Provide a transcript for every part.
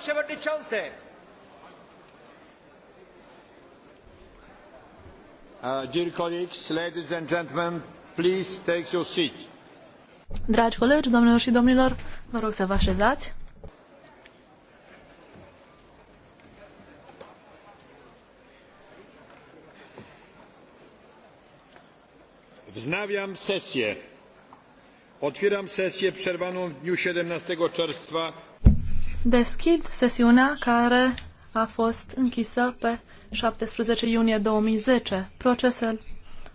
przewodniczący! Uh, dear colleagues, ladies and gentlemen, please take your seat. Dragi colegi, domnilor și domnilor, vă rog să vă așezați. Vznaviam sesie. Otwieram sesie przerwaną w dniu 17 czerwca Deschid sesiunea care a fost închisă pe 17 iunie 2010. Procesul,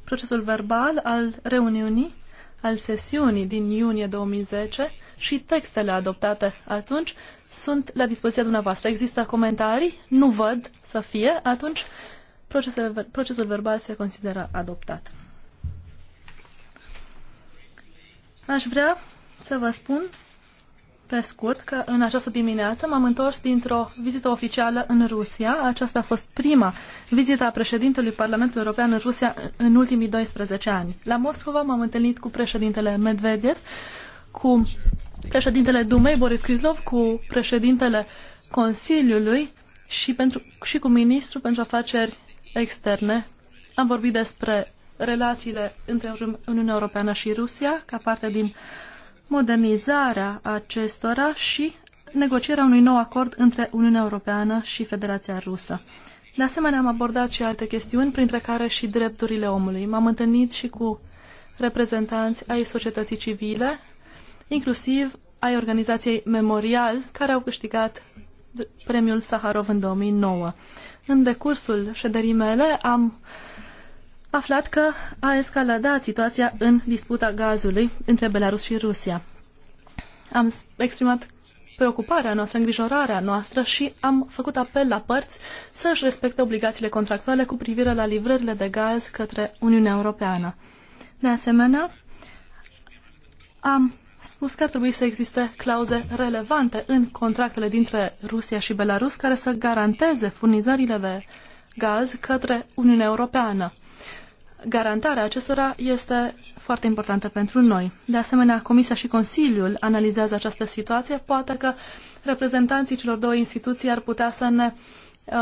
procesul verbal al reuniunii, al sesiunii din iunie 2010 și textele adoptate atunci sunt la dispoziția dumneavoastră. Există comentarii? Nu văd să fie. Atunci procesul, procesul verbal se consideră adoptat. Aș vrea să vă spun pe scurt că în această dimineață m-am întors dintr-o vizită oficială în Rusia. Aceasta a fost prima vizită a președintelui Parlamentului European în Rusia în ultimii 12 ani. La Moscova m-am întâlnit cu președintele Medvedev, cu președintele Dumei Boris Krizlov, cu președintele Consiliului și, pentru, și cu ministrul pentru afaceri externe. Am vorbit despre relațiile între Uniunea Europeană și Rusia ca parte din uh, modernizarea acestora și negocierea unui nou acord între Uniunea Europeană și Federația Rusă. De asemenea, am abordat și alte chestiuni, printre care și drepturile omului. M-am întâlnit și cu reprezentanți ai societății civile, inclusiv ai organizației Memorial, care au câștigat premiul Saharov în 2009. În decursul șederii mele am uh, aflat că a escaladat situația în disputa gazului între Belarus și Rusia. Am exprimat preocuparea noastră, îngrijorarea noastră și am făcut apel la părți să își respecte obligațiile contractuale cu privire la livrările de gaz către Uniunea Europeană. De asemenea, am spus că ar trebui să existe clauze relevante în contractele dintre Rusia și Belarus care să garanteze furnizările de gaz către Uniunea Europeană garantarea acestora este foarte importantă pentru noi. De asemenea, Comisia și Consiliul analizează această situație. Poate că reprezentanții celor două instituții ar putea să ne uh,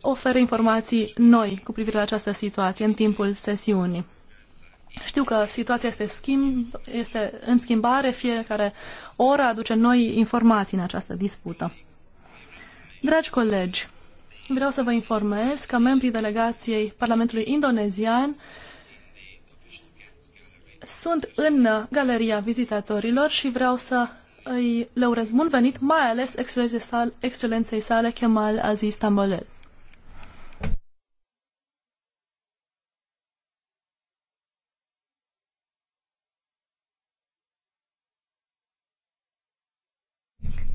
ofere informații noi cu privire la această situație în timpul sesiunii. Știu că situația este, schimb, este în schimbare, fiecare oră aduce noi informații în această dispută. Dragi colegi, vreau să vă informez că membrii delegației Parlamentului Indonezian sunt în galeria vizitatorilor și vreau să îi le urez bun venit, mai ales excelenței sale Kemal Aziz Tambolel.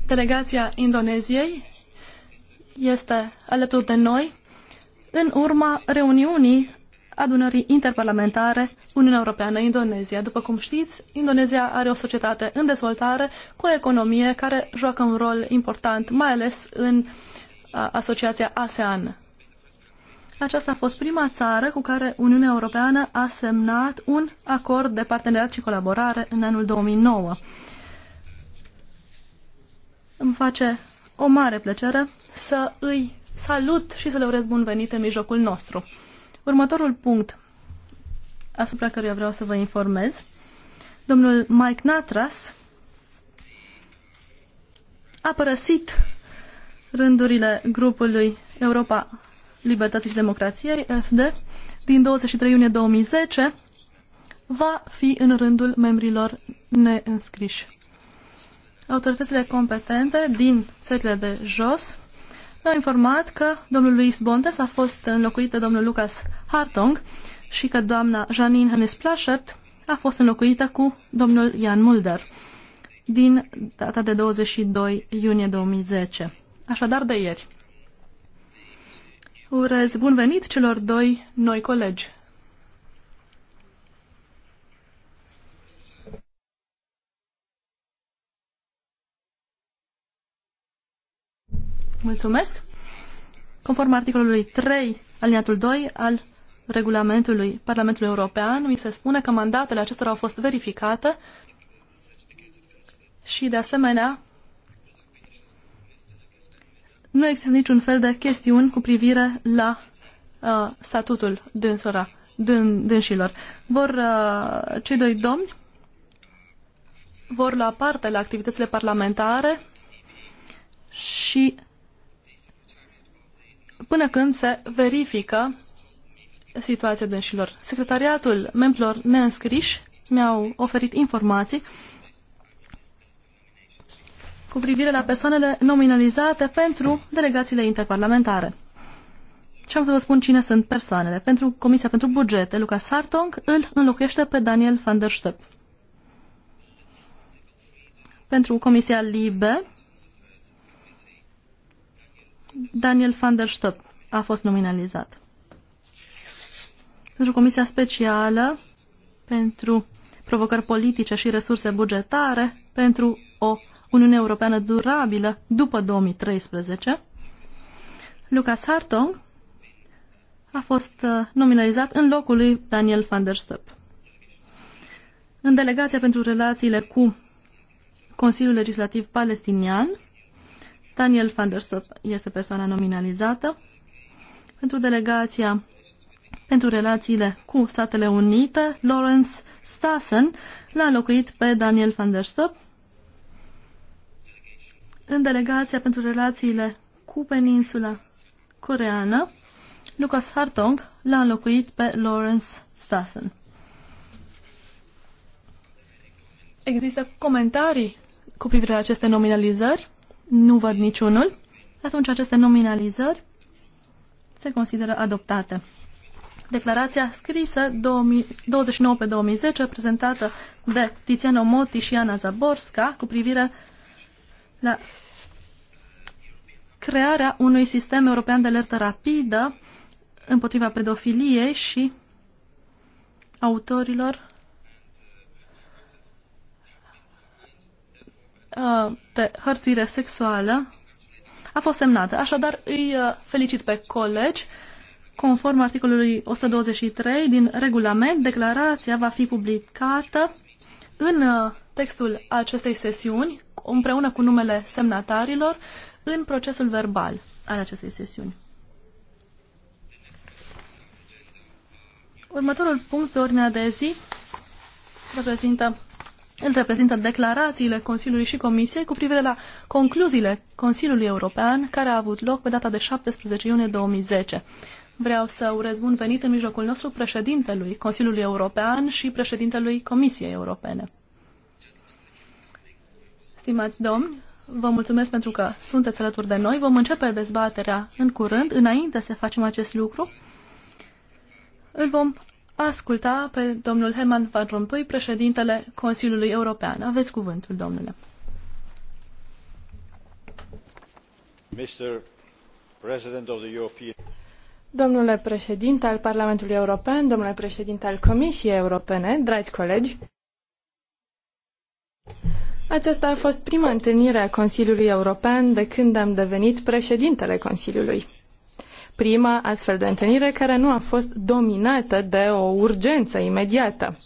Delegația Indoneziei este alături de noi în urma reuniunii adunării interparlamentare Uniunea Europeană-Indonezia. După cum știți, Indonezia are o societate în dezvoltare cu o economie care joacă un rol important, mai ales în asociația ASEAN. Aceasta a fost prima țară cu care Uniunea Europeană a semnat un acord de parteneriat și colaborare în anul 2009. Îmi face o mare plăcere să îi salut și să le urez bun venit în mijlocul nostru. Următorul punct asupra căruia vreau să vă informez, domnul Mike Natras a părăsit rândurile grupului Europa Libertății și Democrației, FD, din 23 iunie 2010, va fi în rândul membrilor neînscriși autoritățile competente din țările de jos mi-au informat că domnul Luis Bontes a fost înlocuit de domnul Lucas Hartong și că doamna Janine Hannes Plaschert a fost înlocuită cu domnul Jan Mulder din data de 22 iunie 2010, așadar de ieri. Urez bun venit celor doi noi colegi Mulțumesc. Conform articolului 3, aliniatul 2 al regulamentului Parlamentului European, mi se spune că mandatele acestora au fost verificate și, de asemenea, nu există niciun fel de chestiuni cu privire la uh, statutul dânsora, dân, dânșilor. Vor, uh, cei doi domni vor lua parte la activitățile parlamentare și până când se verifică situația dânșilor. Secretariatul membrilor neînscriși mi-au oferit informații cu privire la persoanele nominalizate pentru delegațiile interparlamentare. Și am să vă spun cine sunt persoanele. Pentru Comisia pentru Bugete, Luca Sartong, îl înlocuiește pe Daniel van der Stöp. Pentru Comisia Libe, Daniel van der Stop a fost nominalizat. Pentru Comisia Specială pentru Provocări Politice și Resurse Bugetare pentru o Uniune Europeană durabilă după 2013, Lucas Hartong a fost uh, nominalizat în locul lui Daniel van der Stop. În delegația pentru relațiile cu Consiliul Legislativ Palestinian, Daniel van der Stoff este persoana nominalizată pentru delegația pentru relațiile cu Statele Unite, Lawrence Stassen l-a locuit pe Daniel van der Stoff în delegația pentru relațiile cu peninsula coreană, Lucas Hartong l-a înlocuit pe Lawrence Stassen. Există comentarii cu privire la aceste nominalizări? Nu văd niciunul. Atunci aceste nominalizări se consideră adoptate. Declarația scrisă 29 pe 2010, prezentată de Tiziano Moti și Ana Zaborska, cu privire la crearea unui sistem european de alertă rapidă împotriva pedofiliei și autorilor Uh, de hărțuire sexuală a fost semnată. Așadar, îi uh, felicit pe colegi. Conform articolului 123 din regulament, declarația va fi publicată în uh, textul acestei sesiuni, împreună cu numele semnatarilor, în procesul verbal al acestei sesiuni. Următorul punct pe ordinea de zi reprezintă el reprezintă declarațiile Consiliului și Comisiei cu privire la concluziile Consiliului European care a avut loc pe data de 17 iunie 2010. Vreau să urez bun venit în mijlocul nostru președintelui Consiliului European și președintelui Comisiei Europene. Stimați domni, vă mulțumesc pentru că sunteți alături de noi. Vom începe dezbaterea în curând. Înainte să facem acest lucru, îl vom asculta pe domnul Herman Van Rompuy, președintele Consiliului European. Aveți cuvântul, domnule. Mr. President of the European... Domnule președinte al Parlamentului European, domnule președinte al Comisiei Europene, dragi colegi, aceasta a fost prima întâlnire a Consiliului European de când am devenit președintele Consiliului prima astfel de întâlnire care nu a fost dominată de o urgență imediată.